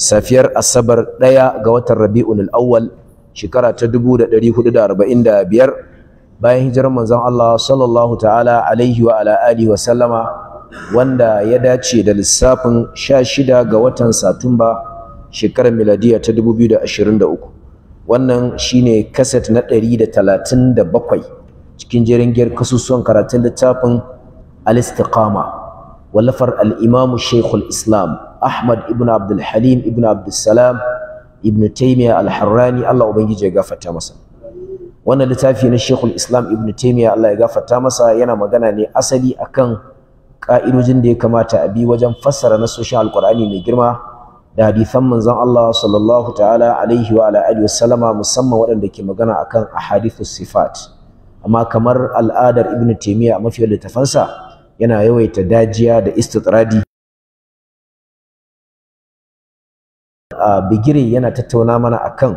safiyar asabar ɗaya ga watan rabi'ul awwal shekara ta 1445 bayan hijirar manzon Allah sallallahu ta'ala alaihi wa ala alihi wa sallama wanda ya dace da lissafin 16 ga watan satumba shekarar miladiya ta 2023 wannan shine kaset na 137 cikin jerin kasusuwan karatun littafin al-istiqama wallafar al-imamu shaykhul islam Ahmad ibn Abdul Halim ibn Abdul Salam ibn Taymiyyah al-Harrani Allah ubangiji ya gafarta masa wannan littafi na Sheikhul Islam ibn Taymiyyah Allah ya gafarta masa yana magana ne asali akan ka'idojin da ya kamata a bi wajen fassara nasoshin alqur'ani mai girma da hadisan manzon Allah sallallahu ta'ala alaihi wa ala alihi wasallama musamman waɗanda ke magana akan ahadithus sifat amma kamar al'adar ibn Taymiyyah a mafiyar littafansa yana yawaita dajiya da istitradi bigire yana tattauna mana akan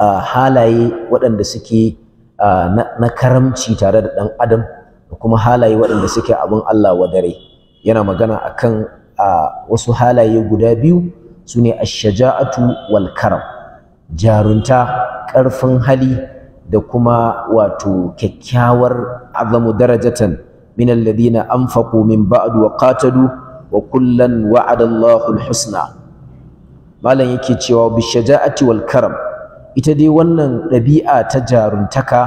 halaye waɗanda suke na karamci tare da ɗan adam da kuma halaye waɗanda suke abin Allah wadare yana magana akan wasu halaye guda biyu su ne ashaja'atu wal karam jarunta ƙarfin hali da kuma wato kyakkyawar azamu darajatan min alladhina anfaqu min ba'adu wa qatalu wa kullan wa'ada Allahu husna malam yake cewa bi shaja'ati wal karam ita dai wannan ɗabi'a ta jaruntaka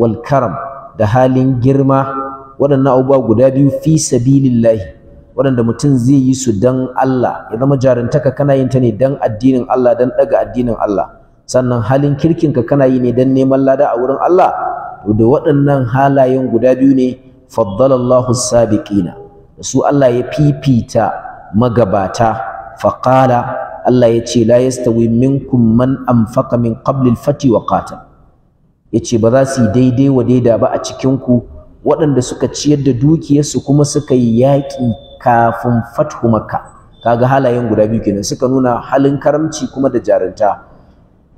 wal karam da halin girma waɗannan abubuwa guda biyu fi sabilillahi waɗanda mutum zai yi su dan Allah ya zama jaruntaka kana yin ta ne dan addinin Allah dan ɗaga addinin Allah sannan halin kirkinka kana yi ne dan neman lada a wurin Allah to da waɗannan halayen guda biyu ne faddalallahu sabiqina da su Allah ya fifita magabata faqala Allah ya ce la yastawi minkum man anfaqa min qabli al-fati wa qatal yace ba za su daidai wa daida ba a cikin ku waɗanda suka ciyar da dukiyarsu kuma suka yi yaƙi kafin fathu makka kaga halayen guda biyu kenan suka nuna halin karamci kuma da jarunta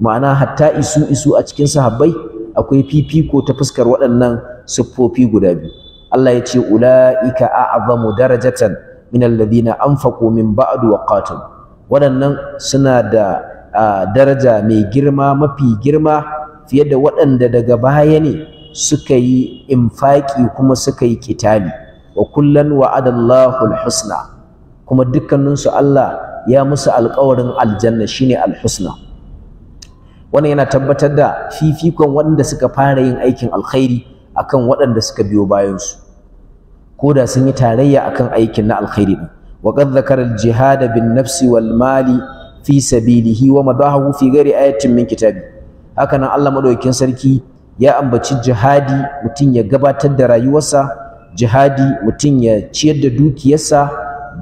ma'ana hatta isu isu a cikin sahabbai akwai fifiko ta fuskar waɗannan siffofi guda biyu Allah ya ce ula'ika a'zamu darajatan min alladhina anfaqu min ba'du wa qatalu waɗannan suna da daraja mai girma mafi girma fiye da waɗanda daga baya ne suka yi infaki kuma suka yi kitali wa kullan wa'adallahu alhusna kuma dukkaninsu Allah ya musu alƙawarin aljanna shine alhusna wannan yana tabbatar da fifikon waɗanda suka fara yin aikin alkhairi akan waɗanda suka biyo bayansu ko da sun yi tarayya akan aikin na alkhairi ɗin وقد ذكر الجهاد بالنفس والمال في سبيله وما ومضاه في غير آية من كتابه هكذا الله مدوكين سركي يا أمبتي جهادي متين يا غبات الدرايوسا جهادي متين يا تشيد دوكيسا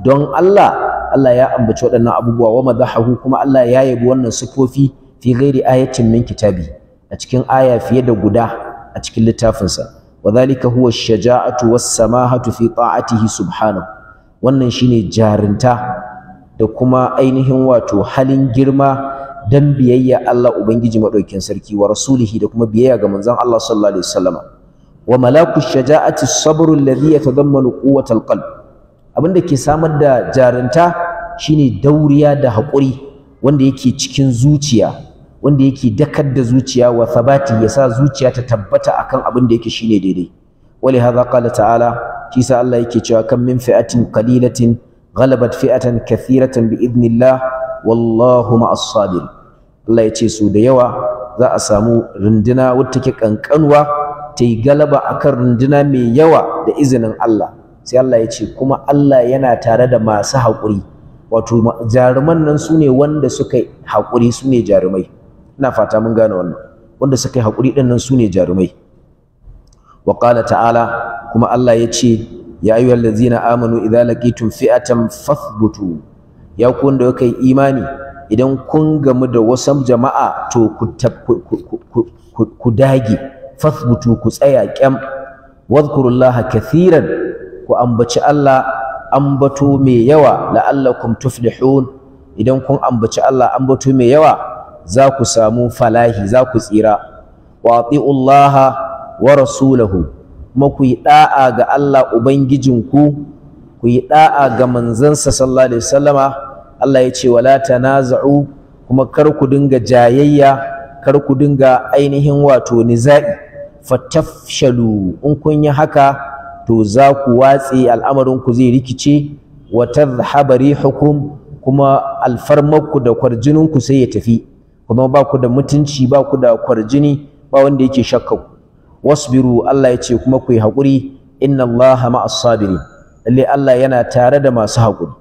دون الله الله يا أمبتي ودنا أبوه ومضاه كما الله يا يبوانا سكوفي في غير آية من كتابه أتكن آية في يد غدا أتكن لتافنسا وذلك هو الشجاعة والسماحة في طاعته سبحانه wannan shine jarinta da kuma ainihin wato halin girma dan biyayya Allah ubangiji madaukakin sarki wa rasulihi da kuma biyayya ga manzon Allah sallallahu alaihi wasallam wa malaku shaja'ati sabr alladhi yatadammalu quwwata alqalb abinda ke samar da jarinta shine dauriya da hakuri wanda yake cikin zuciya wanda yake dakar da zuciya wa thabati yasa zuciya ta tabbata akan abin da yake shine daidai wali hadha qala ta'ala sa Allah yake cewa kam min fi'atin qalilatin ghalabat fi'atan kathiratan bi idnillah wallahu ma'as sabir Allah yace su da yawa za a samu rundina wata ke kankanwa tai galaba akan rundina mai yawa da izinin Allah sai Allah yace kuma Allah yana tare da masu hakuri wato jaruman nan su wanda suka yi su ne jarumai ina fata mun gane wanda suka hakuri dinnan su ne jarumai wa qala ta'ala kuma Allah ya ce ya ayyuhal ladzina amanu idza laqitum fi'atan fathbutu ya ku wanda kuka yi imani idan kun gamu da wasu jama'a to ku dage fasbutu ku tsaya kyam wadhkurullaha kathiran ku ambaci Allah ambato mai yawa la'allakum tuflihun idan kun ambaci Allah ambato mai yawa za ku samu falahi za ku tsira wa Allah wa rasulahu kuma ku yi da'a ga Allah ubangijinku ku yi ɗa'a ga manzansa sallallahu alaihi wasallama Allah ya ce wala tanaza'u kuma kar ku dinga jayayya kar ku dinga ainihin wato niza'i fatafshalu in kun yi haka to za ku watse al'amarin ku zai rikice wa tadhhaba rihukum kuma alfarmarku da kwarjininku sai ya tafi kuma ba ku da mutunci ba ku da kwarjini ba wanda yake shakkan wasbiru Allah ya ce kuma ku yi haƙuri inna Allah ma'as sabirin lalle Allah yana tare da masu haƙuri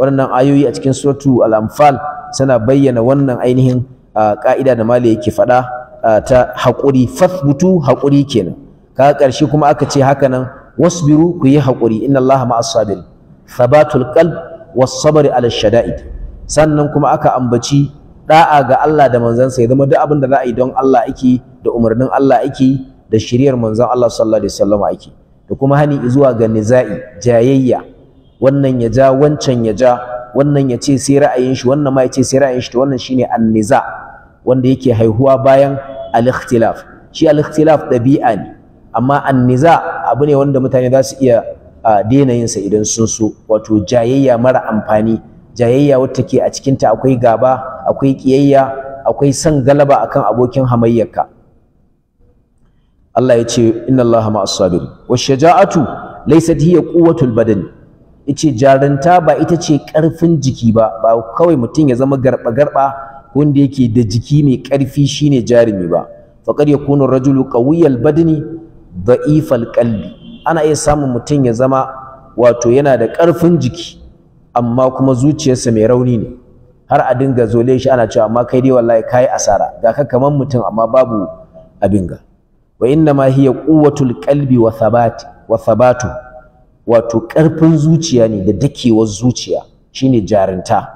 waɗannan ayoyi a cikin suratu al-anfal suna bayyana wannan ainihin ƙa'ida da mali yake faɗa ta haƙuri fathbutu haƙuri kenan ka ƙarshe kuma aka ce haka nan wasbiru ku yi haƙuri inna Allah ma'as sabirin thabatul qalb was sabr ala shada'id sannan kuma aka ambaci da'a ga Allah da manzansa ya zama duk abin da za a yi don Allah ake da umarnin Allah ake da shiriyar manzon Allah sallallahu alaihi wasallam ake da kuma hani zuwa ga niza'i jayayya wannan ya ja wancan ya ja wannan ya ce sai ra'ayin shi wannan ma ya ce sai ra'ayin shi to wannan shine an-niza wanda yake haihuwa bayan al-ikhtilaf shi al-ikhtilaf dabi'a ne amma an-niza abu ne wanda mutane za su iya daina yin sa idan sun so wato jayayya mara amfani jayayya wacce ke a cikinta akwai gaba akwai kiyayya akwai san galaba akan abokin hamayyarka Allah ya ce inna Allah ma'as sabiri washaja'atu laysat hiya quwwatul badani yace jarunta ba ita ce karfin jiki ba ba kawai mutum ya zama garba garba wanda yake da jiki mai karfi shine jarumi ba faqad yakunu rajulu qawiyal badani da'ifal qalbi ana iya samun mutum ya zama wato yana da karfin jiki amma kuma zuciyarsa mai rauni ne har a dinga zole shi ana cewa amma kai dai wallahi kai asara ga ka kaman mutum amma babu abinga. wa inna ma hiya quwwatul qalbi wa thabat wa thabatu wato karfin zuciya ne da dakewar zuciya shine jarinta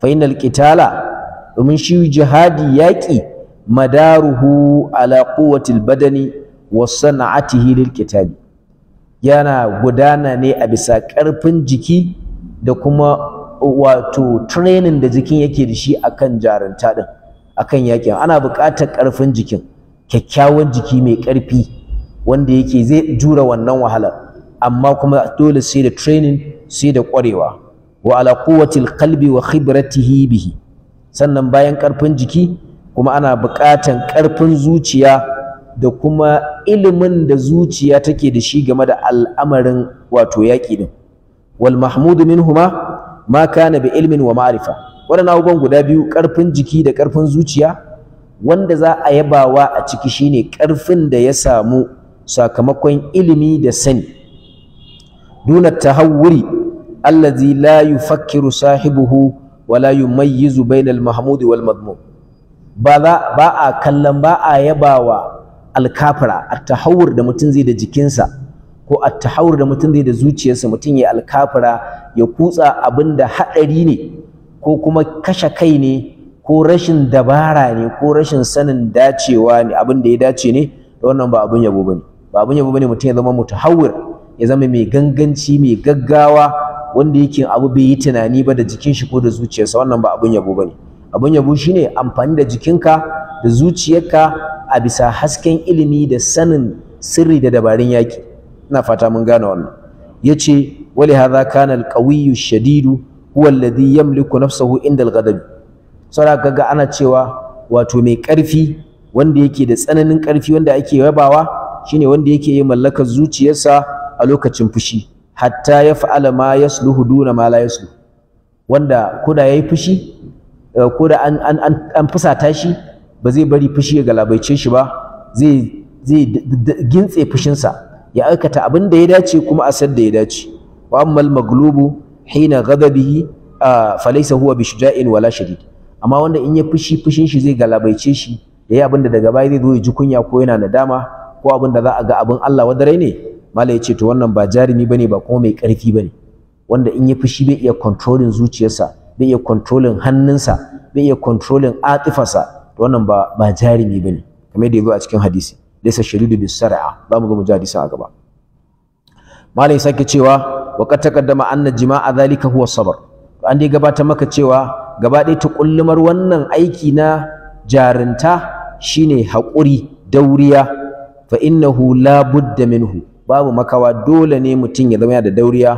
fa innal qitala domin shi jihadi yaƙi, madaruhu ala quwwatil badani wa sana'atihi lil qitali yana gudana ne a bisa karfin jiki da kuma wato training da jikin yake da shi akan jarinta din akan yakin ana buƙatar karfin jikin kyakkyawan jiki mai ƙarfi wanda yake zai jura wannan wahalar amma kuma dole sai da training sai da ƙwarewa wa ala quwwatil qalbi wa khibratihi bihi sannan bayan ƙarfin jiki kuma ana buƙatan ƙarfin zuciya da kuma ilimin da zuciya take da shi game da al'amarin wato yaƙi din wal mahmudu minhuma ma kana bi ilmin wa ma'rifa waɗannan abubuwan guda biyu ƙarfin jiki da ƙarfin zuciya wanda za a yabawa a ciki shine ƙarfin da ya samu sakamakon ilimi da sani duna tahawuri allazi la yufakkiru sahibuhu wala yumayyizu bainal mahmud wal madmum ba za ba a kallon ba a yabawa alkafira at-tahawur da mutum zai da jikinsa ko at-tahawur da mutum zai da zuciyarsa mutum ya alkafira ya kutsa abin da haɗari ne ko kuma kashe kai ne ko rashin dabara ne ko rashin sanin dacewa ne abin da ya dace ne da wannan ba abin yabo bane ba abin yabo bane mutum ya zama mutahawwir ya zama mai ganganci mai gaggawa wanda yake abu bai yi tunani ba da jikin shi ko da zuciyarsa wannan ba abin yabo bane abin yabo shine amfani da jikinka da zuciyarka a bisa hasken ilimi da sanin sirri da dabarun yaki ina fata mun gane wannan yace wali hadha kana al-qawiyyu shadidu huwa alladhi yamliku nafsahu inda al-ghadab saboda kaga ana cewa wato mai ƙarfi wanda yake da tsananin ƙarfi wanda ake rabawa shine wanda yake yi mallakar zuciyarsa a lokacin fushi hatta ya fa'ala ma yasluhu duna ma la yasluhu wanda ko yayi fushi eh, ko da an an an, fusata shi ba zai bari fushi ya galabaice shi ba zai zai gintse fushinsa ya aikata abin da ya dace kuma a da ya dace wa ammal maglubu hina ghadabihi ah, falaysa huwa bishuja'in wala shadid amma wanda in ya fushi fushin shi zai galabaice shi da ya abin da daga baya zai zo ya ji kunya ko yana nadama ko abin da za a ga abin Allah wa dare ne mala ya ce to wannan ba jarumi bane ba kuma mai ƙarfi bane wanda in ya fushi bai iya controlling zuciyarsa bai iya controlling hannunsa bai iya controlling atifarsa to wannan ba ba jarumi bane kamar da ya zo a cikin hadisi laysa shadidu bis sar'a za mu zo mu ji hadisin a gaba mala ya sake cewa wa qad taqaddama anna jima'a dhalika huwa sabr an dai gabata maka cewa gaba ɗaya tukullumar wannan aiki na jarinta shine haƙuri dauriya fa innahu la budda minhu babu makawa dole ne mutum ya zama yana da dauriya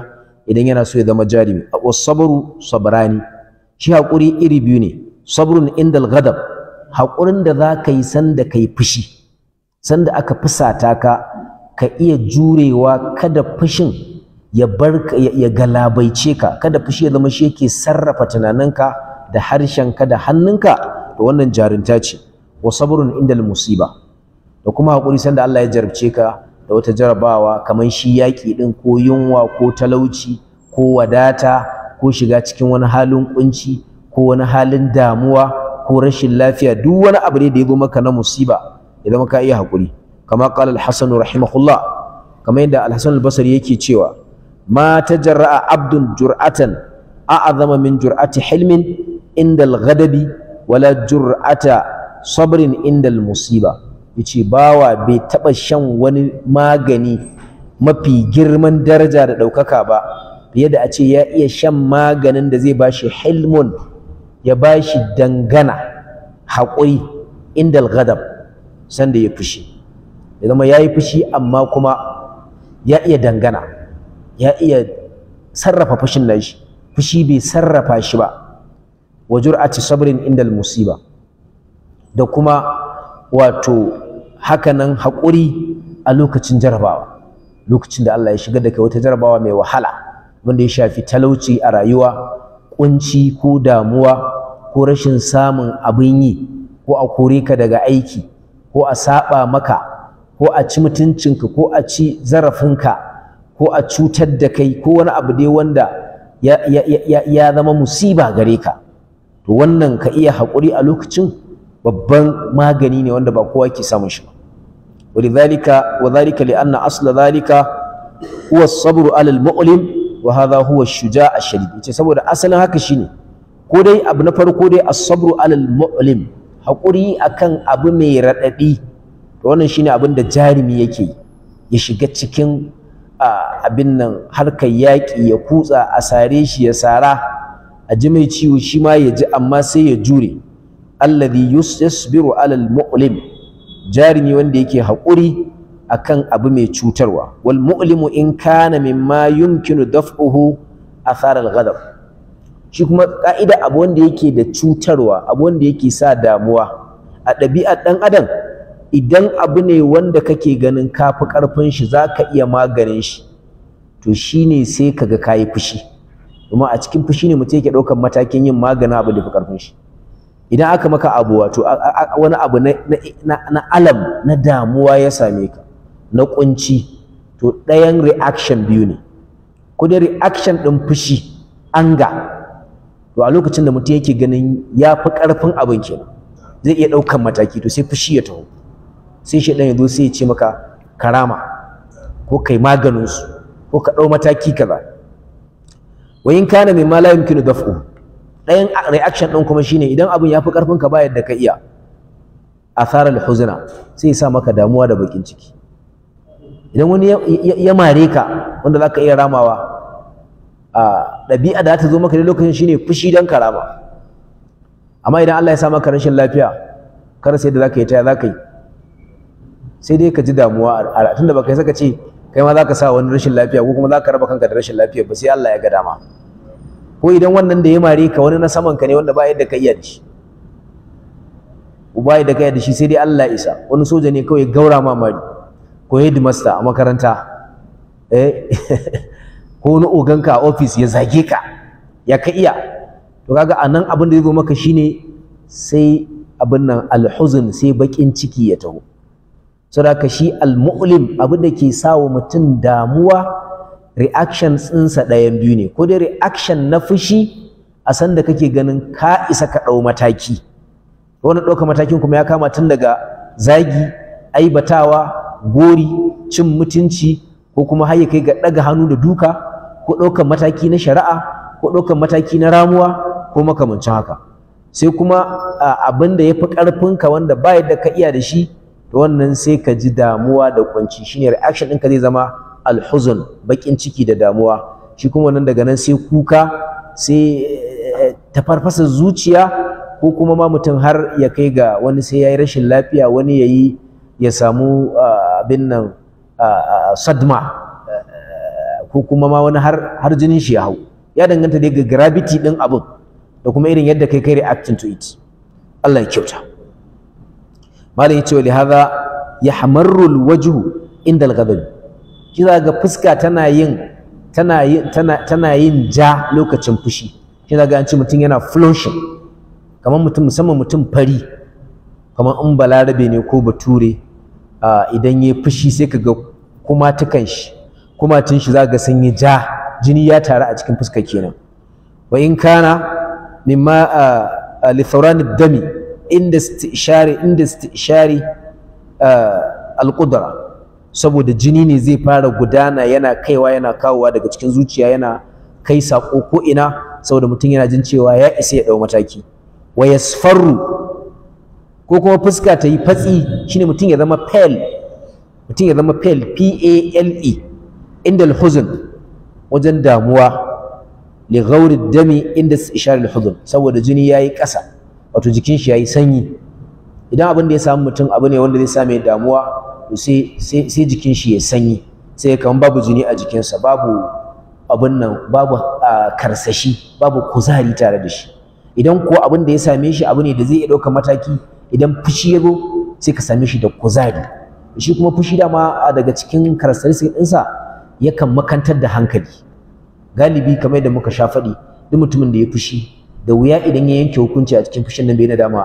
idan yana so ya zama jarimi was sabru sabrani shi haƙuri iri biyu ne sabrun indal ghadab haƙurin da za ka yi sanda ka yi fushi sanda aka fusata ka ka iya jurewa kada fushin ya ya galabaice ka kada fushi ya zama shi yake sarrafa tunaninka da harshenka da hannunka to wannan jarinta ce wa sabrun indal musiba da kuma hakuri sanda Allah ya jarabce ka da wata jarabawa kamar shi yaki din ko yunwa ko talauci ko wadata ko shiga cikin wani halin kunci ko wani halin damuwa ko rashin lafiya duk wani abu ne da ya zo maka na musiba ya zama ka iya hakuri kama qala al-hasan rahimahullah kamar yadda al-hasan al-basri yake cewa ma tajarra'a abdun jur'atan a'azama min jur'ati hilmin Indal gadabi wala jur'ata sabrin indal musiba yace bawa bai taba shan wani magani mafi girman daraja da daukaka ba fiye da a ce ya iya shan maganin da zai bashi hilmun ya bashi dangana haƙuri indal gadab sanda ya fushi ya zama ya yi fushi amma kuma ya iya dangana ya iya sarrafa fushin nashi fushi bai sarrafa shi ba wa jur'ati sabrin inda musiba da kuma wato hakanan haƙuri a lokacin jarabawa lokacin da Allah ya shiga da kai wata jarabawa mai wahala wanda ya shafi talauci a rayuwa kunci ko damuwa ko rashin samun abin yi ko a kore ka daga aiki ko a saba maka ko a ci mutuncinka ko a ci zarafinka ko a cutar da kai ko wani abu dai wanda ya zama musiba gare ka wannan ka iya haƙuri a lokacin babban magani ne wanda ba kowa ke samun shi ba ولذلك وذلك لأن أصل ذلك هو الصبر على المؤلم وهذا هو الشجاع الشديد yace saboda asalin haka shine ko dai abu na farko dai as-sabru ala al-mu'lim hakuri akan abu mai raɗaɗi. to wannan shine abin da jarumi yake ya shiga cikin abin nan harkar yaƙi ya kutsa a sare shi ya sara aji mai ciwo shi ma ya ji amma sai ya jure alladhi yusbiru alal mu'lim jarumi wanda yake haƙuri akan abu mai cutarwa wal mu'limu in kana mimma yumkinu daf'uhu athar al ghadab shi kuma ka'ida abu wanda yake da cutarwa abu wanda yake sa damuwa a ɗabi'ar ɗan adam idan abu ne wanda kake ganin kafi ƙarfin shi zaka iya maganin shi to shine sai kaga kayi fushi kuma a cikin fushi ne mutum yake ɗaukar matakin yin magana abin da fi ƙarfin shi idan aka maka abu wato wani abu na alam na damuwa ya same ka na kunci to ɗayan reaction biyu ne ko dai reaction ɗin fushi anga to a lokacin da mutum yake ganin ya fi ƙarfin abin kenan zai iya ɗaukan mataki to sai fushi ya taho sai shi ɗan ya zo sai ya ce maka karama ko kai maganinsu ko ka ɗau mataki kaza wa in kana mimma la yumkinu daf'u ɗayan reaction ɗin kuma shine idan abin ya fi ƙarfin ka ba yadda ka iya asarar huzna sai sa maka damuwa da bakin ciki idan wani ya mare ka wanda za ka iya ramawa a ɗabi'a da ta zo maka da lokacin shine fushi don ka rama amma idan Allah ya sa maka rashin lafiya kar sai da za ka yi taya za ka yi sai dai ka ji damuwa tunda baka yi saka ce kai ma za ka sa wani rashin lafiya ko kuma za ka raba kanka da rashin lafiya ba sai Allah ya ga dama ko idan wannan da ya mare ka wani na saman ka ne wanda ba yadda ka iya da shi uba yadda ka iya dashi sai dai Allah ya isa wani soja ne kawai gaura ma mari ko headmaster a makaranta eh ko wani oganka a office ya zage ka ya ka iya to kaga anan abin da ya zo maka shine sai abin nan alhuzn sai bakin ciki ya taho saboda shi al-mu'lim abin da ke sawa mutum damuwa reaction tsinsa ɗayan biyu ne ko dai reaction na fushi a san kake ganin ka isa ka ɗau mataki wani ɗauka matakin kuma ya kama tun daga zagi aibatawa gori cin mutunci ko kuma har ya kai ga ɗaga hannu da duka ko ɗaukan mataki na shari'a ko ɗaukan mataki na ramuwa ko makamancin haka sai kuma abin da ya fi ƙarfinka wanda ba yadda ka iya da shi Da wannan sai ka ji damuwa da kunci shine reaction ɗinka zai zama alhuzun baƙin ciki da damuwa shi kuma nan daga nan sai kuka sai eh, tafarfasa zuciya ko kuma ma mutum har ya kai ga wani sai ya yi rashin lafiya wani ya yi ya samu ah, abin nan ah, sadma eh, ko kuma ma wani har jinin shi ya hau ya danganta dai ga gravity ɗin abin da kuma irin yadda kai kai reacting to it Allah ya kyauta malai ya ce wa lihaza ya hamarrul wajuhu inda alghadabi kiza ga fuska tana yin tana yin tana yin ja lokacin fushi kiza ga an ce mutum yana flushing kamar mutum musamman mutum fari kamar in balarabe ne ko bature idan ya fushi sai ka ga kuma tukan shi kuma tun shi za ga sun yi ja jini ya taru a cikin fuska kenan wa in kana mimma dami inda istishari inda istishari eh, alqudra saboda jini ne zai fara gudana yana kaiwa yana kawowa daga cikin zuciya yana kai sako ko ina saboda mutum yana jin cewa ya isa ya dau mataki wa yasfarru ko kuma fuska ta yi fatsi shine mutum ya zama pale mutum ya zama pale p a l e inda alhuzn wajen damuwa li ghauri dami inda istishari alhuzn saboda jini yayi ƙasa wato jikin shi yayi sanyi idan abin da ya samu mutum abu ne wanda zai sa mai damuwa to sai sai jikin shi ya sanyi sai kaman babu jini a jikinsa babu abin nan babu karsashi babu kuzari tare da shi idan ko abin da ya same shi abu ne da zai iya ɗauka mataki idan fushi ya zo sai ka same shi da kuzari shi kuma fushi dama daga cikin characteristics ɗinsa yakan makantar da hankali galibi kamar yadda muka sha faɗi duk mutumin da ya fushi da wuya idan ya yanke hukunci a cikin fushin nan bai nadama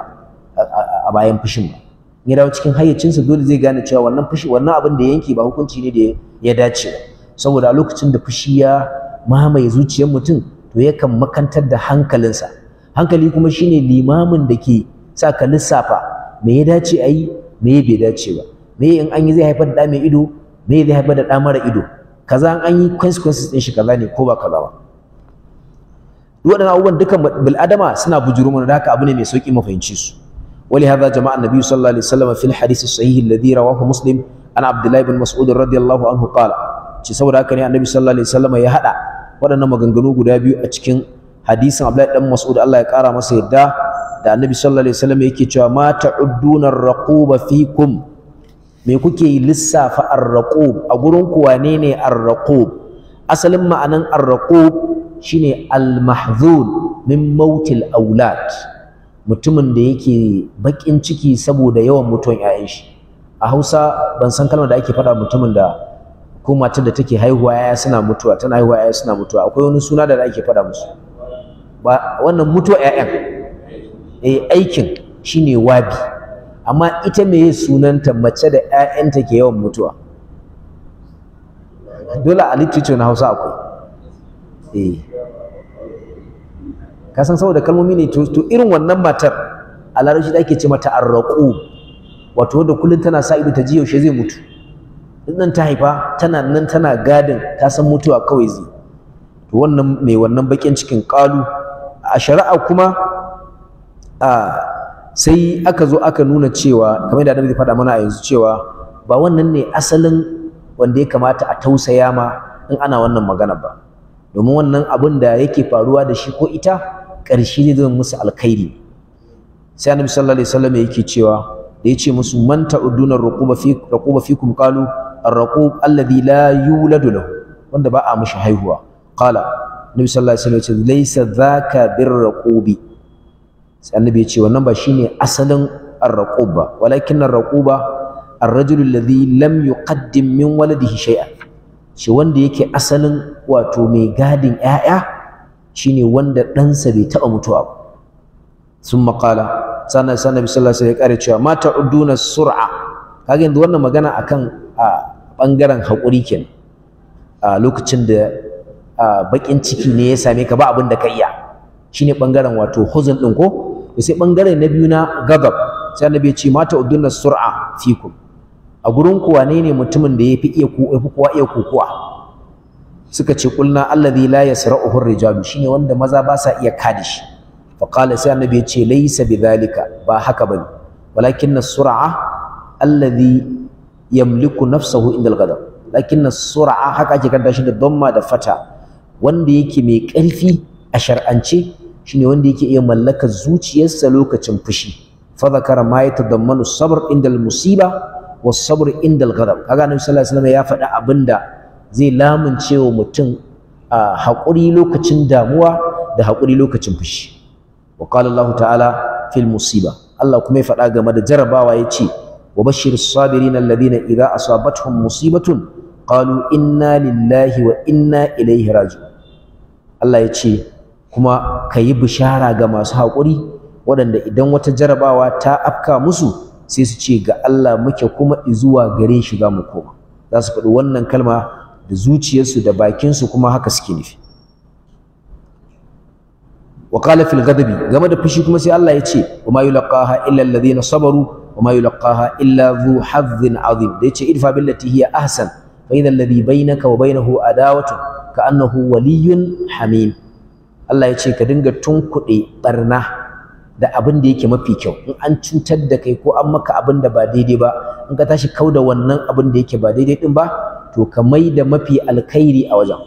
a bayan fushin ba ya dawo cikin hayyacinsa dole zai gane cewa wannan fushi wannan abin da ya yanke ba hukunci ne da ya dace ba saboda a lokacin da fushi ya mamaye zuciyar mutum to yakan makantar da hankalinsa hankali kuma shine limamin da ke sa ka lissafa me ya dace a yi me ya bai dace ba me in an yi zai haifar da ɗa mai ido me zai haifar da ɗa mara ido kaza an yi consequences ɗin shi kaza ne ko ba kaza ba waɗannan abubuwan duka bil'adama suna bujuru da haka abu ne mai sauƙi mu fahimci su ولهذا جمع jama'a annabi الله alaihi وسلم في الحديث الصحيح الذي رواه مسلم عن عبد الله بن مسعود رضي الله عنه قال ci saboda haka ne annabi sallallahu alaihi wasallam ya hada waɗannan maganganu guda biyu a cikin hadisin Abdullahi dan Mas'ud Allah ya ƙara masa yadda da annabi sallallahu alaihi wasallam yake cewa ma ta'udduna ar-raquba fikum me kuke lissafa ar-raqub a gurin ku wane ne ar-raqub asalin ma'anan ar-raqub shine al-mahzun min mautil aulad mutumin da yake bakin ciki saboda yawan mutuwan 'ya'yan shi a Hausa ban san kalmar da ake faɗa mutumin da ko matar da take haihuwa 'ya'ya suna mutuwa tana haihuwa 'ya'ya suna mutuwa akwai wani suna da ake faɗa musu ba wannan mutuwa 'ya'yan eh aikin shine wabi amma ita meye sunanta mace da 'ya'yanta ke yawan mutuwa dole a literature na Hausa akwai eh ka san saboda kalmomi ne to irin wannan matar a larabci da ake ce mata arraqu wato wadda kullun tana sa ido ta ji yaushe zai mutu nan ta haifa tana nan tana gadin ta san mutuwa kawai zai to wannan mai wannan bakin cikin qalu a shari'a kuma a sai aka zo aka nuna cewa kamar da Annabi zai faɗa mana a yanzu cewa ba wannan ne asalin wanda ya kamata a tausaya ma in ana wannan magana ba domin wannan abin da yake faruwa da shi ko ita ƙarshe zai musu alkhairi sai annabi sallallahu alaihi wasallam yake cewa da yace musu man ta'uduna raquba fi raquba fikum qalu ar alladhi la yuladu lahu wanda ba a mishi haihuwa qala annabi sallallahu alaihi wasallam yace laysa dhaka birraqubi sai annabi yace wannan ba shine asalin ar-raqub ba walakin ar-raquba ar-rajulu alladhi lam yuqaddim min waladihi shay'an shi wanda yake asalin wato mai gadin ‘ya'ya shine wanda ɗansa bai taɓa mutuwa ba sun maƙala sana sana bi sallallahu alaihi ya kare cewa mata uduna sur'a kaga yanzu wannan magana akan a ɓangaren hakuri kenan a lokacin da baƙin ciki ne ya same ka ba abin da ka iya shine bangaren wato huzun ɗin ko sai ɓangare na biyu na gagab sai annabi ya ce mata uduna sur'a fikum a gurin ku wane ne mutumin da yafi iya ku kowa iya kokowa suka ce kulna alladhi la yasra'uhu ar-rijalu shine wanda maza ba sa iya kada shi fa qala sai annabi ya ce laysa bidhalika ba haka bane walakin as-sur'a alladhi yamliku nafsahu inda al-ghadab lakin as-sur'a haka ake kanta shi da dhamma da fata wanda yake mai ƙarfi a shar'ance shine wanda yake iya mallakar zuciyarsa lokacin fushi fa zakara ma yatadammanu sabr inda al-musiba was-sabr indal ghadab kaga annabi sallallahu alaihi wasallam ya faɗa abinda zai lamunce wa mutum haƙuri lokacin damuwa da haƙuri lokacin fushi wa qala Allah ta'ala fil musiba Allah kuma ya faɗa game da jarabawa ce, wa bashiris sabirin alladhina idza asabatuhum musibatun qalu inna lillahi wa inna ilaihi raji'un Allah ya ce kuma ka yi bishara ga masu haƙuri waɗanda idan wata jarabawa ta afka musu sai su ce ga Allah muke kuma zuwa gare shi za mu koma za su faɗi wannan kalma da zuciyarsu da bakinsu kuma haka suke nufi wa qala fil ghadabi game da fushi kuma sai Allah ya ce wa ma yulqaha illa alladhina sabaru wa ma yulqaha illa dhu hazzin azim da yace idfa billati hiya ahsan fa idha alladhi bainaka wa bainahu adawatu ka annahu waliyyun hamim Allah ya ce ka dinga tunkuɗe barna da abin da yake mafi kyau in an cutar da kai ko an maka abin da ba daidai ba in ka tashi kau da wannan abin da yake ba daidai din ba to ka mai da mafi alkhairi a wajen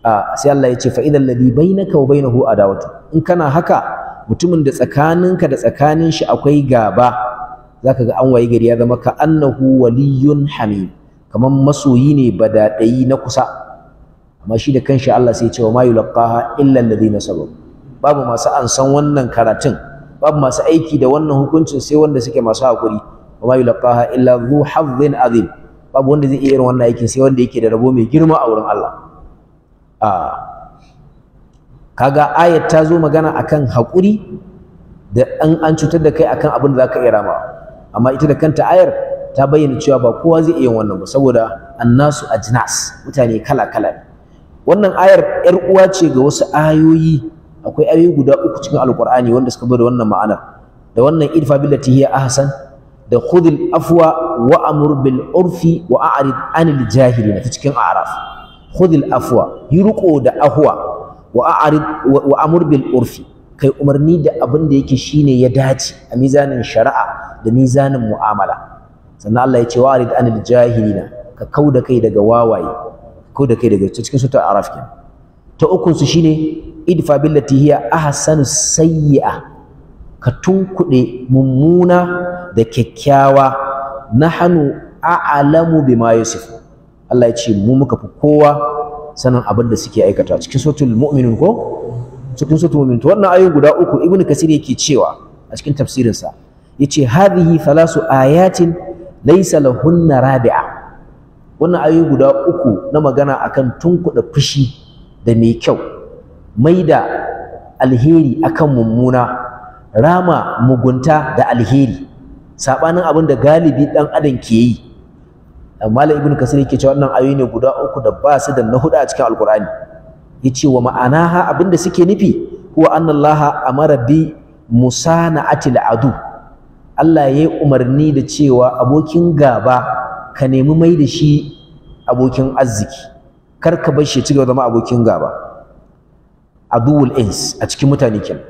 a sai Allah ya ce fa idan ladhi bainaka wa bainahu adawatu in kana haka mutumin da tsakaninka da tsakanin shi akwai gaba zaka ga an wayi gari ya zama ka annahu waliyun hamim kamar masoyi ne badadai na kusa amma shi da kanshi Allah sai ya ce wa ma yulqaha illa alladhina babu masu ansan wannan karatun babu masu aiki da wannan hukuncin sai wanda suke masu hakuri wa ma yulqaha illa zu hazzin azim babu wanda zai iya irin wannan aikin sai wanda yake da rabo mai girma a wurin Allah a kaga ayat ta zo magana akan hakuri da an an cutar da kai akan abin da zaka iya rama amma ita da kanta ayar ta bayyana cewa ba kowa zai iya wannan ba saboda annasu ajnas mutane kala kala wannan ayar yar uwa ce ga wasu ayoyi akwai ayoyi guda uku cikin alqur'ani wanda suka bada wannan ma'ana da wannan idfa billati hiya ahsan da khudil afwa wa amur bil urfi wa a'rid anil jahilin cikin a'raf khudil afwa yi riko da ahwa wa a'rid wa amur bil urfi kai umarni da abin da yake shine ya dace a mizanin shari'a da mizanin mu'amala sannan Allah ya ce wa anil jahilin ka kauda kai daga wawaye kauda kai daga cikin sutar araf ta ukun su shine idfa billati hiya ahsanu sayyi'a ka tunkuɗe mummuna da kyakkyawa nahanu a'lamu bima yusuf Allah ya ce mu muka fi kowa sanin abin da suke aikata cikin suratul mu'minun ko cikin suratul mu'min to wannan ayoyi guda uku ibnu kasir yake cewa a cikin tafsirin sa yace hadhihi thalasu ayatin laysa lahunna rabi'a wannan ayoyi guda uku na magana akan tunkuɗa fushi da mai kyau maida alheri akan mummuna rama mugunta da alheri Saɓanin abin da galibi dan adam ke yi la ibnu kasir yake cewa wannan ayoyi ne guda uku da ba su da na hudu a cikin alqur'ani yace wa ma'ana ma'anaha abinda suke nufi huwa anna allaha amara bi musana'atil adu Allah ya yi umarni da cewa abokin gaba ka nemi mai da shi abokin arziki kar ka bar shi ci gaba zama abokin gaba aduwul ins a cikin mutane kenan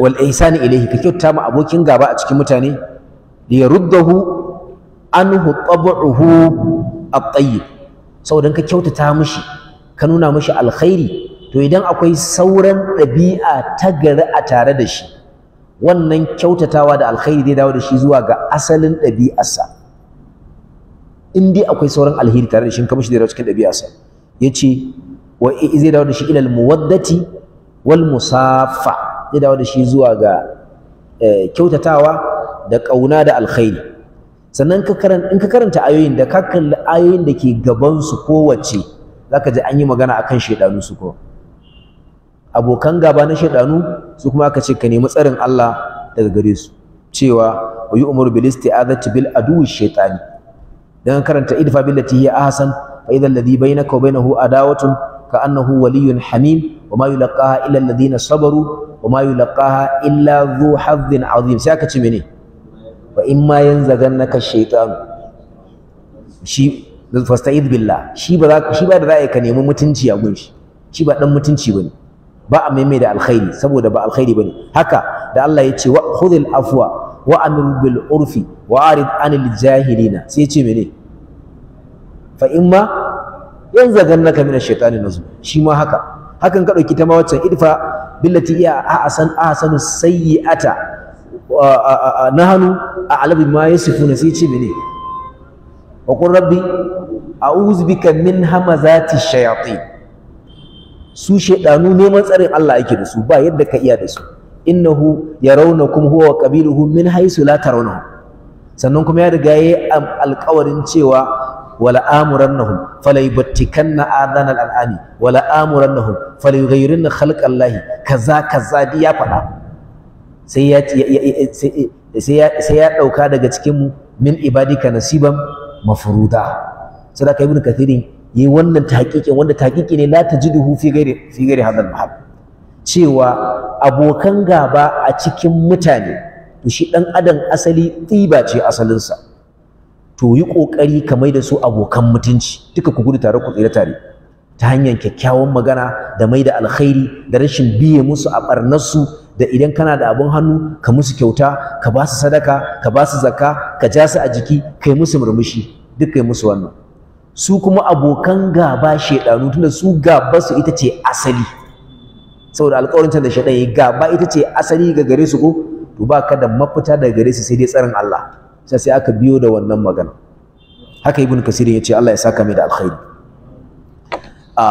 wal ihsani ilayhi ka kyauta ma abokin gaba a cikin mutane li yaruddahu anhu tab'uhu at-tayyib saboda ka kyautata mishi ka nuna mishi alkhairi to idan akwai sauran ɗabi'a ta gari a tare da shi wannan kyautatawa da alkhairi zai dawo da shi zuwa ga asalin ɗabi'arsa in dai akwai sauran alheri tare da shi ka mishi da cikin ɗabi'arsa ya ce wa zai dawo da shi ilal muwaddati wal musaffa zai dawo da shi zuwa ga eh, kyautatawa da ƙauna da alkhairi sannan in ka karanta ayoyin da ka kalli ayoyin da ke gabansu kowace zaka ji an yi magana akan shaidanu su ko abokan gaba na shaidanu su kuma aka ce ka nemi tsarin Allah daga gare su cewa wa yu'muru bil isti'azati bil aduwwi shaytani dan karanta idfa billati hiya ahsan fa idha alladhi bainaka wa bainahu adawatun كأنه ولي حميم وما يلقاها إلا الذين صبروا وما يلقاها إلا ذو حظ عظيم ساكت مني وإما ينزغنك الشيطان شي فاستعيذ بالله شي بذاك شي بعد ذلك كان يوم متنشي أقول شي شي بعد متنشي بني ba a maimai da alkhairi saboda ba alkhairi bane haka da Allah ya ce wa khudhil afwa wa amir bil urfi wa arid anil jahilina sai ya ce mene fa imma yan zagan naka mina shaitani zuwa shi ma haka hakan ka ɗauki ta ma waccan idfa billati iya ahsan ata. sayyi'ata hannu a alabi ma na sai ce mene wa a rabbi a'udhu bika min hamazati shayatin su shaidanu neman tsarin Allah ake da su ba yadda ka iya da su rauna kuma huwa wa qabiluhu min ta la tarawnahum sannan kuma ya riga ya yi alƙawarin cewa wala amurannahum falaybattikanna adanal al'ami wala amurannahum falyughayyiranna khalqallahi kaza kaza di ya faɗa sai ya sai daga cikin mu min ibadika nasiban mafruda sadaka ibnu kathirin yayi wannan tahqiqin wanda tahqiqi ne la tajiduhu fi ghairi fi ghairi hadal mahab cewa abokan gaba a cikin mutane to ɗan dan adam asali tsiba ce asalinsa to yi ƙoƙari ka mai da su abokan mutunci duka ku gudu tare ku tsira tare ta hanyar kyakkyawan magana da mai da alkhairi da rashin biye musu a su da idan kana da abun hannu ka musu kyauta ka ba su sadaka ka ba su zakka ka ja su a jiki kai musu murmushi duk kai musu wannan su kuma abokan gaba shedanu tunda su gaba su ita ce asali saboda alƙawarin da shedan ya gaba ita ce asali ga gare su ko to ba ka da mafita daga gare su sai dai tsarin Allah sai sai aka biyo da wannan magana haka ibn kasir ya ce Allah ya saka mai da alkhairi a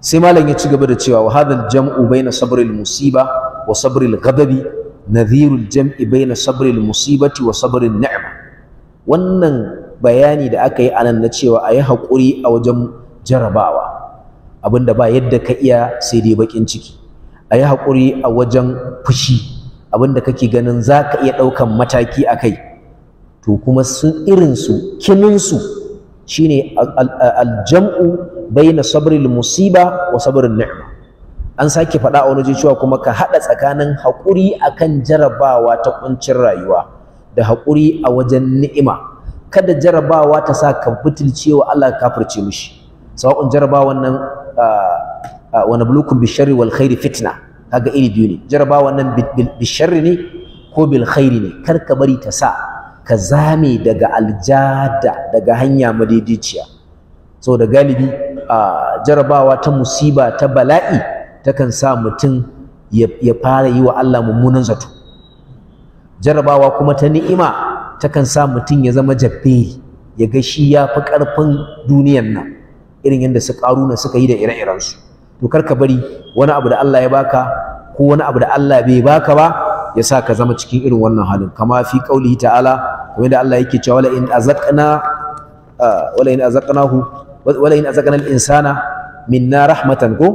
sai malam ya ci gaba da cewa wa hadal jam'u baina sabril musiba wa sabril ghadabi nadhirul jam'i baina sabril musibati wa sabrin ni'ma wannan bayani da aka yi anan na cewa ayi yi haƙuri a wajen jarabawa abinda ba yadda ka iya sai dai baƙin ciki ayi hakuri a wajen fushi abinda kake ganin za ka iya ɗaukan mataki a kai to kuma sun irinsu kininsu shine aljam'u baina sabril musiba wa sabrin ni'ma an sake faɗa a wani cewa kuma ka haɗa tsakanin haƙuri akan jarabawa ta kuncin rayuwa da haƙuri a wajen ni'ima kada jarabawa ta sa ka butulce wa Allah kafirce mishi sawa'un jarabawa nan wa bulukun bisharri wal khairi fitna kaga iri biyu ne Jarabawa nan bisharri ne ko bil khairi ne kar ka bari ta sa ka zame daga aljada daga hanya madidiciya da galibi a jarabawa ta musiba ta bala'i takan sa mutum ya fara yi wa Allah mummunan zato jarabawa kuma ta ni'ima takan sa mutum ya zama jabberi ya ga shi ya fi ƙarfin duniyan nan irin yadda su ƙaruna suka yi da ire-irensu to kar ka bari wani abu da Allah ya baka ko wani abu da Allah bai baka ba ya sa ka zama cikin irin wannan halin kama fi qaulihi ta'ala kamar da Allah yake cewa wala in azaqna ah, wala in azaqnahu wala in azaqna al-insana minna rahmatan ko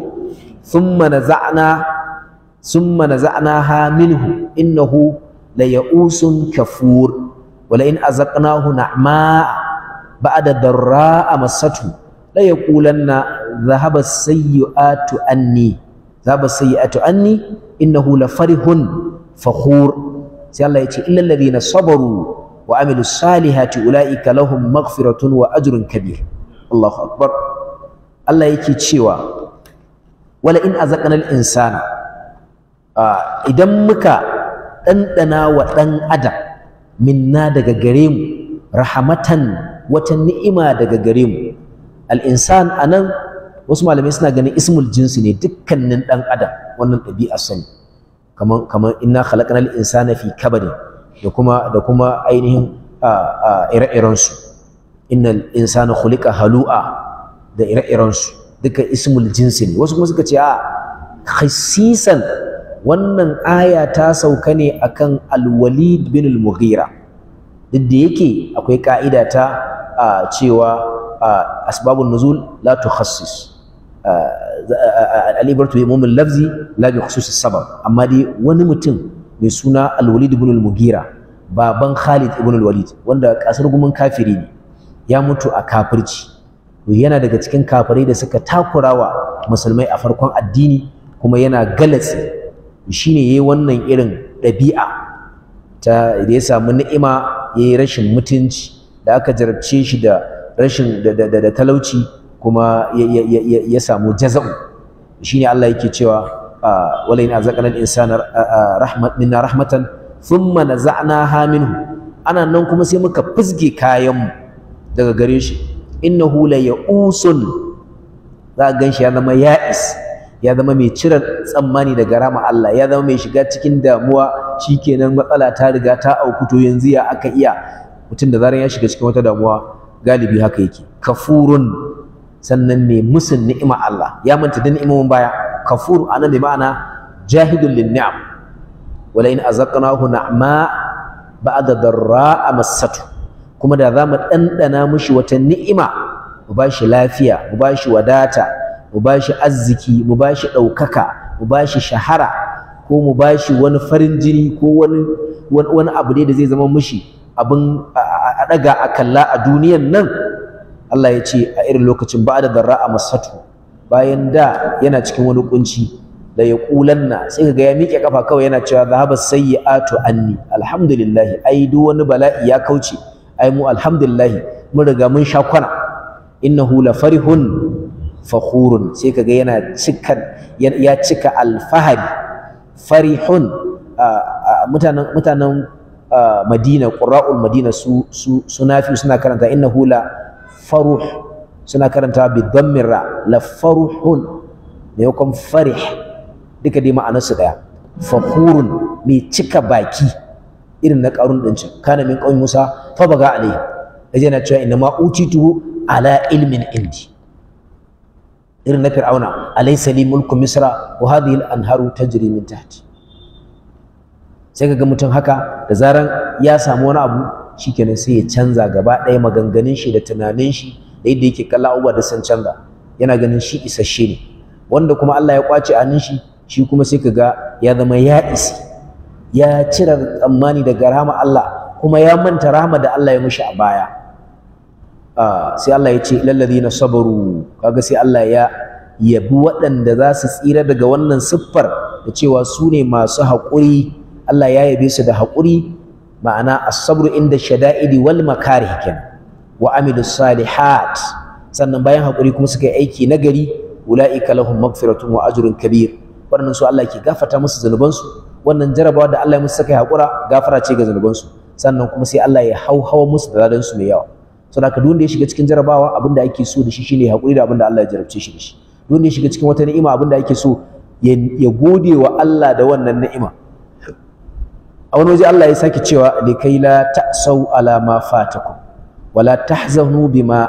thumma naza'na thumma naza'naha minhu innahu yausun kafur wala in azaqnahu na'ma'a بعد الضراء مسته لا يقولن ذهب السيئات عني ذهب السيئات عني إنه لفرح fahur sai Allah ya ce illal ladina sabaru wa amilus salihati ulaika lahum maghfiratun wa ajrun kabir Allahu akbar Allah yake cewa wala in azaqnal insana idan muka dandana wa dan adam minna daga gare mu rahmatan wata ni'ima daga gare mu al-insan anan wasu malamai suna ganin ismul jinsi ne dukkanin dan adam wannan ɗabi'a sani kaman kaman inna khalaqnal insana fi kabadi da kuma da kuma ainihin ire-iren su innal insana khuliqa halu'a da ire-iren su duka ismul jinsi ne wasu kuma suka ce a khassisan wannan aya ta sauka ne akan al-walid bin al-mughira duk da yake akwai ka'ida ta cewa asbabun nuzul la tukhassis al'ibratu bi umumil lafzi la bi khususis sabab amma dai wani mutum mai suna al-walid ibn al-mugira baban khalid ibn al-walid wanda kasar gumin kafiri ne ya mutu a kafirci yana daga cikin kafirai da suka takura wa musulmai a farkon addini kuma yana galatsi shine yayi wannan irin ɗabi'a ta da ya samu ni'ima yayi rashin mutunci da aka jarabce shi da rashin da talauci kuma ya samu jaza'u Shin Allah yake cewa ah, wala yana zaƙanar insanar insana rahmatan sun rahmatan za'ana naza'naha minhu ana nan kuma sai muka fizge kayanmu daga gare shi hula ya usun. za gan ganshi ya zama ya'is ya zama mai cire tsammani daga rama Allah ya zama mai shiga cikin damuwa kenan matsala ta riga ta aukuto yanzu ya aka iya mutum da zaran ya shiga cikin wata damuwa galibi haka yake kafurun sannan mai musun ni'ima Allah ya manta da ni'imomin baya kafur anan bi ma'ana jahidun lin ni'am wala in azaqnahu na'ma ba'da darra amassatu kuma da zamu dandana mushi wata ni'ima mu bashi lafiya mu bashi wadata mu bashi arziki mu bashi daukaka mu bashi shahara ko mu bashi wani farin jini ko wani wani abu ne da zai zama mushi abin a daga a kalla a duniyan nan Allah ya ce a irin lokacin ba da darra a masatu bayan da yana cikin wani kunci da ya kulanna sai kaga ya miƙe kafa kawai yana cewa zahaba sayyi'atu anni alhamdulillah ai duk wani bala'i ya kauce ai mu alhamdulillah mun riga mun sha kwana innahu la farihun fakhurun sai kaga yana cikan ya cika alfahari farihun mutanen mutanen Madina qurra'ul Madina su su sunafi suna karanta innahu la faruh suna karanta bi dhammin ra la faruhun da yakon farih duka dai ma'anarsu daya fakhurun mai cika baki irin na karun din can kana min qaumi musa fa baga alai yaje na cewa inna ma utitu ala ilmin indi irin na fir'auna alaysa li mulku misra wa hadhihi al-anharu tajri min tahti sai kaga mutum haka da zaran ya samu wani abu shikenan sai ya canza gaba ɗaya maganganun shi da tunanin shi da yadda yake kalla abubuwa da san canza yana ganin shi isasshe ne wanda kuma Allah ya kwace anin shi shi kuma sai kaga ya zama ya isi ya cire tsammani daga rahama Allah kuma ya manta rahama da Allah ya mishi a baya ah, sai Allah ya ce na sabaru kaga sai Allah ya yabi waɗanda za su tsira daga wannan siffar da cewa su ne masu haƙuri Allah ya yabe su da haƙuri ma'ana as-sabru inda shada'idi wal makarih kenan wa amilus salihat sannan bayan hakuri kuma suka yi aiki nagari ulaika lahum maghfiratun wa ajrun kabir wannan su Allah ke gafarta musu zanubansu wannan jarabawa da Allah ya musu suka yi hakura gafara ce ga zanubansu sannan kuma sai Allah ya hauhawa musu da ladan su mai yawa saboda ka duk wanda ya shiga cikin jarabawa abinda ake so da shi shine hakuri da abinda Allah ya jarabce shi da shi duk wanda ya shiga cikin wata ni'ima abinda ake so ya gode wa Allah da wannan ni'ima a wani waje Allah ya sake cewa kai la sau ala ma fatakum wala tahzanu bima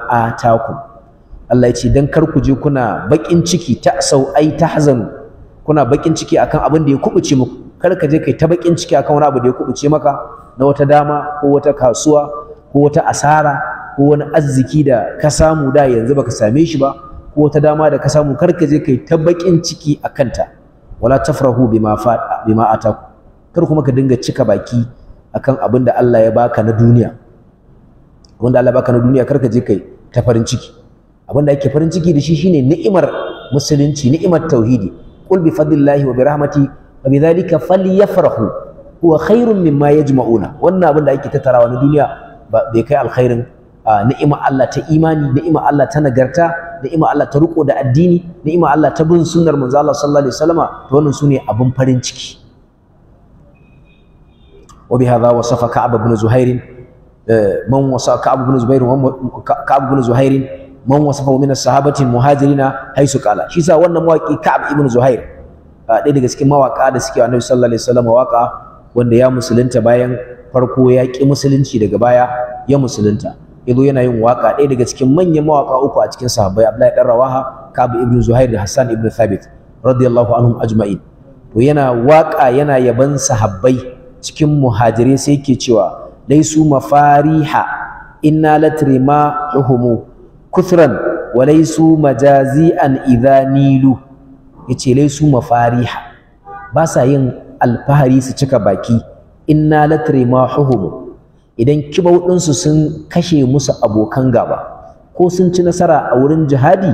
Allah ya ce don kar ku je kuna bakin ciki sau ai tahzanu kuna bakin ciki akan abin da ya kubuce muku kar ka je kai ta bakin ciki akan wani abu da ya kubuce maka na wata dama ko wata kasuwa ko wata asara ko wani arziki da ka samu da yanzu baka same shi ba ko wata dama da ka samu kar ka je kai ta bakin ciki akan ta wala tafrahu bima fa bima ataku kar kuma ka dinga cika baki akan abin da Allah ya baka na duniya wanda Allah baka na duniya kar ka je kai ta farin ciki abin da ake farin ciki da shi shine ni'imar musulunci ni'imar tauhidi qul bi fadlillahi wa bi rahmati wa bi dhalika falyafrahu huwa khairun mimma yajma'una wannan abin da ake tattarawa na duniya bai kai alkhairin ni'imar Allah ta imani ni'imar Allah ta nagarta ni'imar Allah ta riko da addini ni'imar Allah ta bin sunnar manzo Allah sallallahu alaihi wasallama to wannan sune abin farin ciki وبهذا وصف كعب بن زهير من وصف كعب بن زهير كعب بن زهير من وصفه من الصحابة المهاجرين حيث قال شي سا wannan mawaki Ka'ab ibn Zuhair ɗaya daga cikin mawaka da suke Annabi sallallahu alaihi wasallam waka wanda ya musulunta bayan farko ya ki musulunci daga baya ya musulunta yazo yana yin waka ɗaya daga cikin manyan mawaka uku a cikin sahabbai Abdullahi dan Rawaha Ka'ab ibn Zuhair da Hassan ibn Thabit radiyallahu anhu ajma'in to yana waka yana yaban sahabbai cikin muhajirai sai ke cewa laisu mafariha inna ma huhumu kuthran wa laisu majazi'an idha nilu yace laisu mafariha ba sa yin alfahari su cika baki inna ma huhumu idan kibau sun kashe musu abokan gaba ko sun ci nasara a wurin jihadi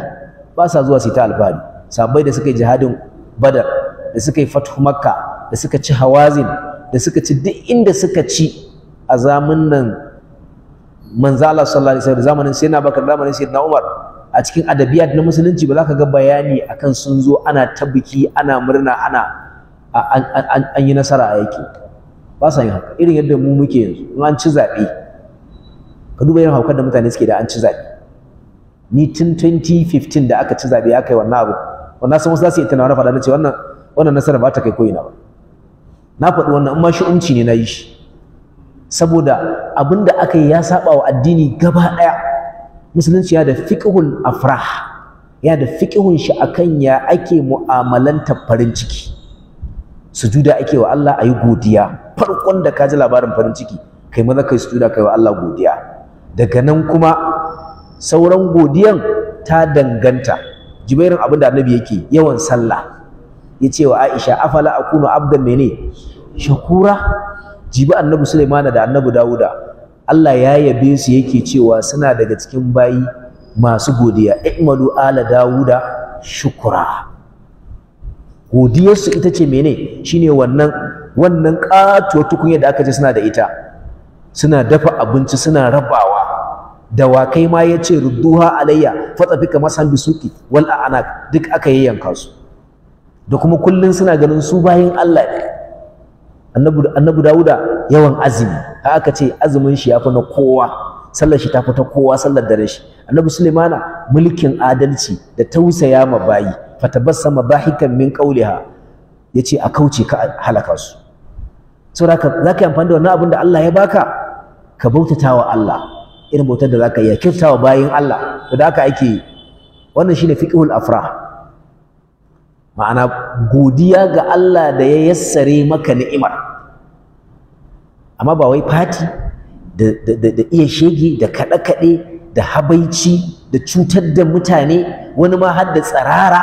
ba sa zuwa sita ta alfahari sabai da suka yi jihadin badar da suka yi makka da suka ci hawazin da suka ci duk inda suka ci a zamanin manzo Allah sallallahu alaihi wasallam zamanin sayyidina Bakar zamanin sayyidina Umar a cikin adabiyat na musulunci ba za ka ga bayani akan sun zo ana ta biki ana murna ana an yi nasara a yake ba sa yin haka irin yadda mu muke yanzu in an ci zaɓe ka duba yin haukar da mutane suke da an ci zaɓe ni tun 2015 da aka ci zaɓe aka yi wannan abu wannan sun wasu za su yi tunawa na faɗa na ce wannan nasarar ba ta kai ina ba na faɗi wannan amma umci ne na yi shi saboda abinda aka yi ya saba wa addini gaba ɗaya musulunci ya da fiƙihun afrah ya da fiƙihun shi akan ya ake mu'amalanta farin ciki sujuda ake wa Allah a yi godiya farkon da ka ji labarin farin ciki kai maza kai sujuda kai wa Allah godiya daga nan kuma sauran godiyan ta danganta jibairin abin da annabi yake yawan sallah ya ce wa aisha afala akunu abdan mene shakura jibi annabi Sulaiman da annabi Dawuda Allah ya yabe su yake cewa suna daga cikin bayi masu godiya i'malu ala Dawuda shukura godiyarsu ita ce mene shine wannan wannan katuwar tukunya da aka ce suna da ita suna dafa abinci suna rabawa Da dawakai ma ya ce rudduha alayya fatsafika masan bisuki wal a'anak duk aka yanka su da kuma kullum suna ganin su bayin Allah ne annabi dawuda yawan azumi a aka ce azumin shi ya na kowa sallar shi ta fi ta kowa sallar dare shi annabi sulaimana mulkin adalci da tausaya ma bayi fatabassama bahikan min qawliha yace a kauce ka halaka su saboda za ka yi amfani da wannan abin da Allah ya baka ka bautata wa Allah irin bautar da zaka ka yi ya wa bayin Allah to da haka ake wannan shine fiqhul afrah ma'ana godiya ga Allah da ya yassare maka ni'imar amma ba wai fati da iya shege da kaɗe-kaɗe da habaici da cutar da mutane wani ma har da tsarara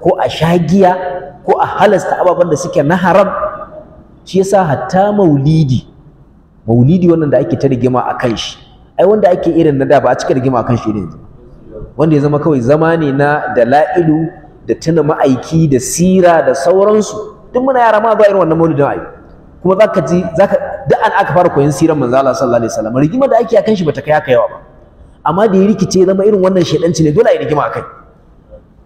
ko a shagiya ko a halasta ababen da suke na haram shi yasa hatta maulidi maulidi wannan da ake ta rigima a kan shi ai wanda ake irin na da ba a cika rigima a kan shi ne wanda ya zama kawai zama ne na dala'ilu da tuna ma'aiki da sira da sauransu duk muna yara ma zuwa irin wannan maulidin ayi kuma za ka ji za ka duk an aka fara koyon siran manzo Allah sallallahu alaihi wasallam rigima da ake a shi bata kai haka yawa ba amma da ya rikice zama irin wannan shedanci ne dole a yi rigima akai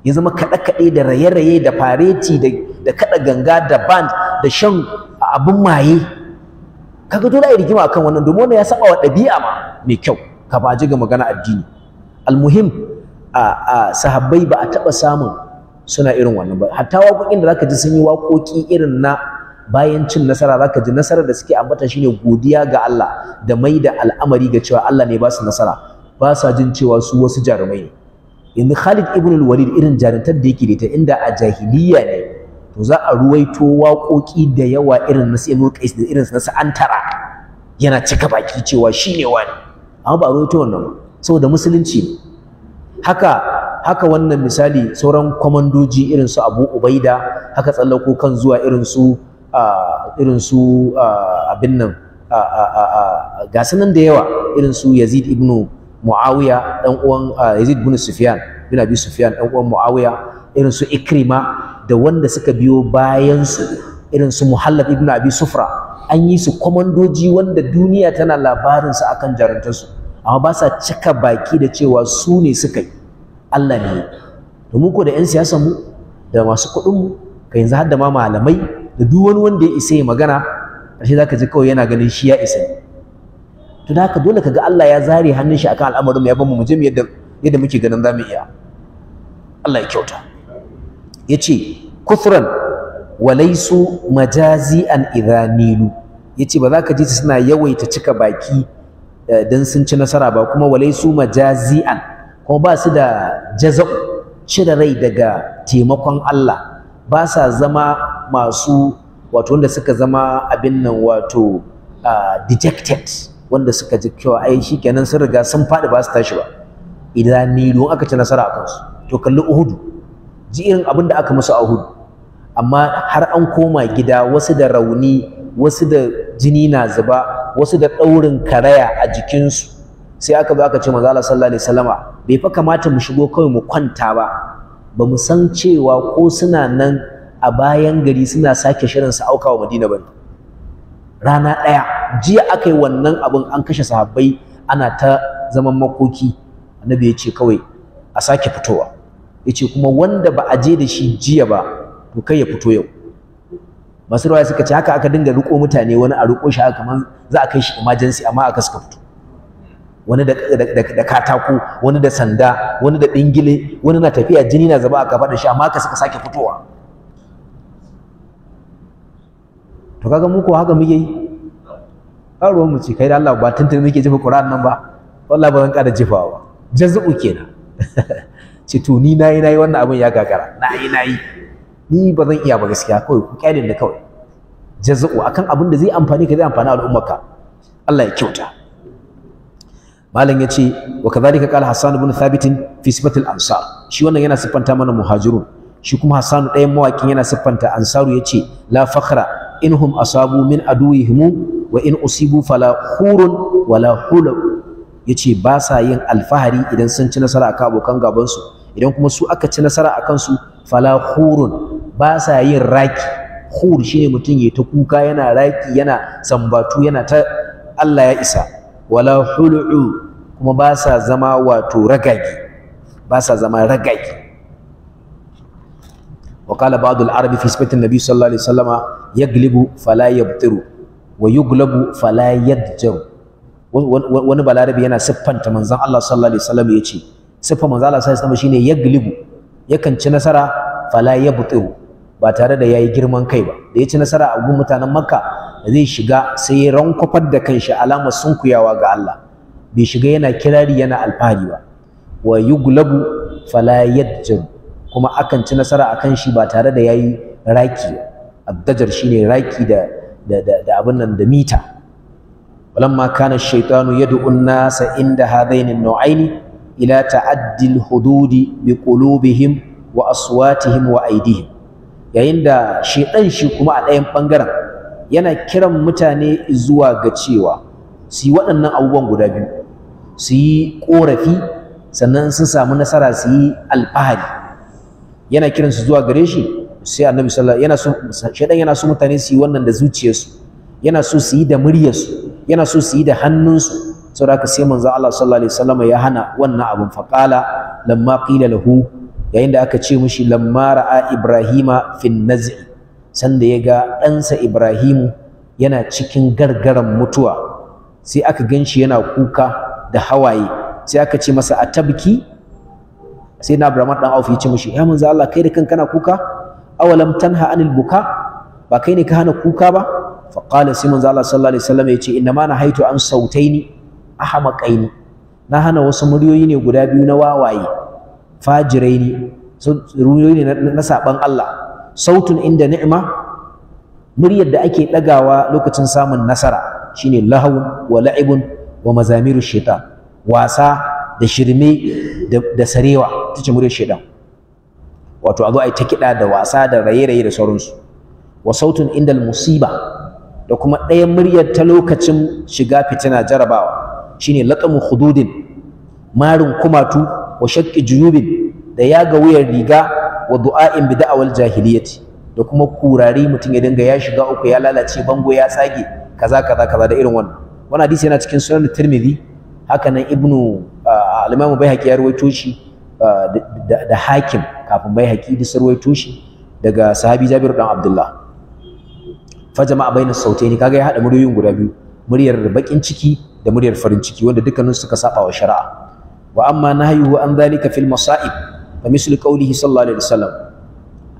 ya zama kaɗe kaɗe da raye raye da fareti da da kaɗa ganga da band da shan abun maye kaga dole a yi rigima akan wannan domin wannan ya saba wa ɗabi'a ma mai kyau ka ba ji ga magana addini almuhim a sahabbai ba a taɓa samun suna irin wannan ba hatta waƙoƙin da zaka ji sun yi waƙoƙi irin na bayan cin nasara zaka ji nasarar da suke ambata shine godiya ga Allah da mai da al'amari ga cewa Allah ne ba su nasara ba sa jin cewa su wasu jarumai ne yanzu Khalid ibn al-Walid irin jarumtar da yake da ita inda a jahiliya ne to za a ruwaito waƙoƙi da yawa irin na Sayyid Qais da irin na tara yana cika baki cewa shine wani amma ba ruwaito wannan saboda musulunci haka haka wannan misali sauran kwamandoji irin su Abu Ubaida haka tsallako kan zuwa irin su irin su abin nan ga nan da yawa irin su Yazid ibn Muawiya dan uwan Yazid ibn Sufyan bin Abi Sufyan dan uwan Muawiya irin su Ikrima da wanda suka biyo bayan su irin su Muhallab ibn Abi Sufra an yi su kwamandoji wanda duniya tana labarin su akan jarantarsu amma ba sa cika baki da cewa su ne suka yi Allah ne domin ko da 'yan siyasa mu da masu kuɗin mu ka yanzu har da ma malamai da duk wani wanda ya isa ya magana ashe zaka ji kawai yana ganin shi ya isa to da haka dole kaga Allah ya zare hannun shi akan al'amarin mu ya bamu mu je yadda yadda muke ganin zamu iya Allah ya kyauta yace kufran walaisu Majazian, an idanilu yace ba za ka ji suna yawaita cika baki eh, dan sun ci nasara ba kuma walaisu majazi'an kuma ba su da jaza'u cire rai daga taimakon Allah ba sa zama masu wato wanda suka zama abin nan wato dejected wanda suka ji cewa ai shikenan sun riga sun faɗi ba su tashi ba idan ni don aka ci nasara a kansu to kalli uhudu ji irin abin da aka musu a uhudu amma har an koma gida wasu da rauni wasu da jini na zuba wasu da ɗaurin karaya a jikinsu sai aka zo aka ce manzo Allah sallallahu alaihi wasallama bai fa kamata mu shigo kawai mu kwanta ba ba mu san cewa ko suna nan a bayan gari suna sake shirin su auka wa madina ba rana ɗaya jiya aka yi wannan abin an kashe sahabbai ana ta zaman makoki annabi ya ce kawai a sake fitowa ya ce kuma wanda ba a je da shi jiya ba to kai ya fito yau masu ruwa suka ce haka aka dinga riko mutane wani a riko shi haka kamar za a kai shi emergency amma aka suka fito wani da katako wani da sanda wani da ɗingile wani na tafiya jini na zaba a gaba da shi amma ka suka sake fitowa to kaga mu ko haka muke yi ba ruwan mu ce kai da Allah ba tuntun muke jefa Qur'an nan ba wallahi ba zan ƙara jefawa ba jazu'u kenan ce to ni nayi nayi wannan abin ya gagara nayi nayi ni ba zan iya ba gaskiya kawai ku kyale da kawai jazu'u akan abin da zai amfani ka zai amfani al'ummarka Allah ya kyauta malam ya ce wa kadhalika qala Hassan ibn Thabit fi sifatil ansar shi wannan yana siffanta mana muhajirun shi kuma Hassan ɗayan mawakin yana siffanta ansaru ya ce la fakhra inhum asabu min aduwihim wa in usibu fala khurun wala Ya yace ba sa yin alfahari idan sun ci nasara akan abokan gaban idan kuma su aka ci nasara akan su fala khurun ba sa yin raki khur ne mutum ya ta kuka yana raki yana sambatu yana ta Allah ya isa wala hulu'u kuma ba sa zama wato ragagi ba sa zama ragagi wa ragage وقال بعض العرب في صفة النبي صلى الله عليه وسلم يغلب فلا يبطر ويغلب فلا يدجر wani balarabi yana siffanta manzon Allah sallallahu alaihi wasallam yace siffa manzon Allah sallallahu alaihi wasallam shine yaglibu yakan ci nasara fala yabtiru ba tare da yayi girman kai ba da ya ci nasara a gun mutanen Makka zai shiga sai ya rankwafar da kanshi alamar sunkuyawa ga Allah bai shiga yana kirari yana alfahari ba wa yuglabu fala yadjur kuma akan ci nasara akan shi ba tare da yayi raki addajar shine raki da da da, abin nan da mita walamma kana shaytanu yad'u an-nasa inda hadaini an-nau'aini ila ta'addi hududi biqulubihim wa aswatihim wa aydihim yayin da shedan shi kuma a ɗayan bangaren yana kiran mutane zuwa ga cewa su yi waɗannan abubuwan guda biyu su yi ƙorafi sannan sun samu nasara su yi alfahari yana kiran su zuwa gare shi sai annabi sallallahu yana so yana so mutane su yi wannan da zuciyarsu yana so su yi da muryarsu yana so su yi da hannunsu saboda haka sai manzo Allah sallallahu alaihi wasallam ya hana wannan abun faqala lamma qila lahu yayin da aka ce mishi lamma ra'a ibrahima fin naz'i sanda ya ga ɗansa Ibrahimu yana cikin gargaran mutuwa sai aka gan shi yana kuka da hawaye sai aka ce masa a tabki sai na Abdurrahman dan Auf ya ce mishi ya manzo Allah kai da kanka kana kuka awalam tanha anil buka ba kai ne ka hana kuka ba fa qala sai manzo Allah sallallahu alaihi wasallam ya ce inna ma na haitu an sautaini ahmaqaini na hana wasu muryoyi ne guda biyu na wawaye fajirai ne ruyoyi ne na saban Allah sautun inda ni'ima muryar da ake ɗagawa lokacin samun nasara shine lahawun wa la'ibun wa mazamiru shaitan wasa da shirme da sarewa ta ce muryar shaitan wato a zo a yi ta kiɗa da wasa da raye-raye da sauransu wa sautun inda musiba da kuma ɗayan muryar ta lokacin shiga fitina jarabawa shine laqamu hududin marin kumatu wa shaqqi juyubin da yaga wuyar riga wa du'a'in bi da'awal jahiliyati. da kuma kurari mutum ya dinga ya shiga uku ya lalace bango ya tsage kaza kaza kaza da irin wannan wannan hadisi yana cikin sunan tirmidhi haka nan ibnu ah, al-imam baihaqi ya rawaito shi ah, da hakim kafin baihaqi da sarwaito shi daga sahabi jabir dan abdullah fa jama'a bainas sautaini kaga ya hada muryoyin guda biyu muryar bakin ciki da muryar farin ciki wanda dukkanin suka saba wa shari'a wa amma haihuwa an dhalika fil masa'ib wa mislu qawlihi sallallahu alaihi wasallam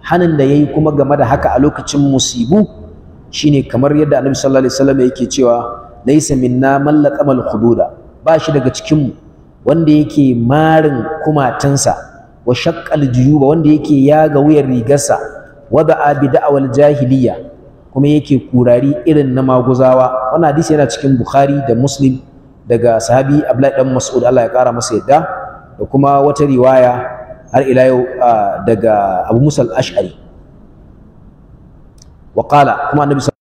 hanin da yayi kuma game da haka a lokacin musibu shine kamar yadda annabi sallallahu alaihi wasallam yake cewa laysa minna man al khududa ba shi daga cikin mu wanda yake marin kumatansa wa shaqqal juyuba wanda yake yaga wuyar rigarsa wada'a bi da'awal jahiliya kuma yake kurari irin na maguzawa wannan hadisi yana cikin bukhari da muslim daga sahabi abdullahi dan mas'ud Allah ya kara masa yadda da kuma wata riwaya har ila yau ah, daga Abu Musal ashari wa kuma annabi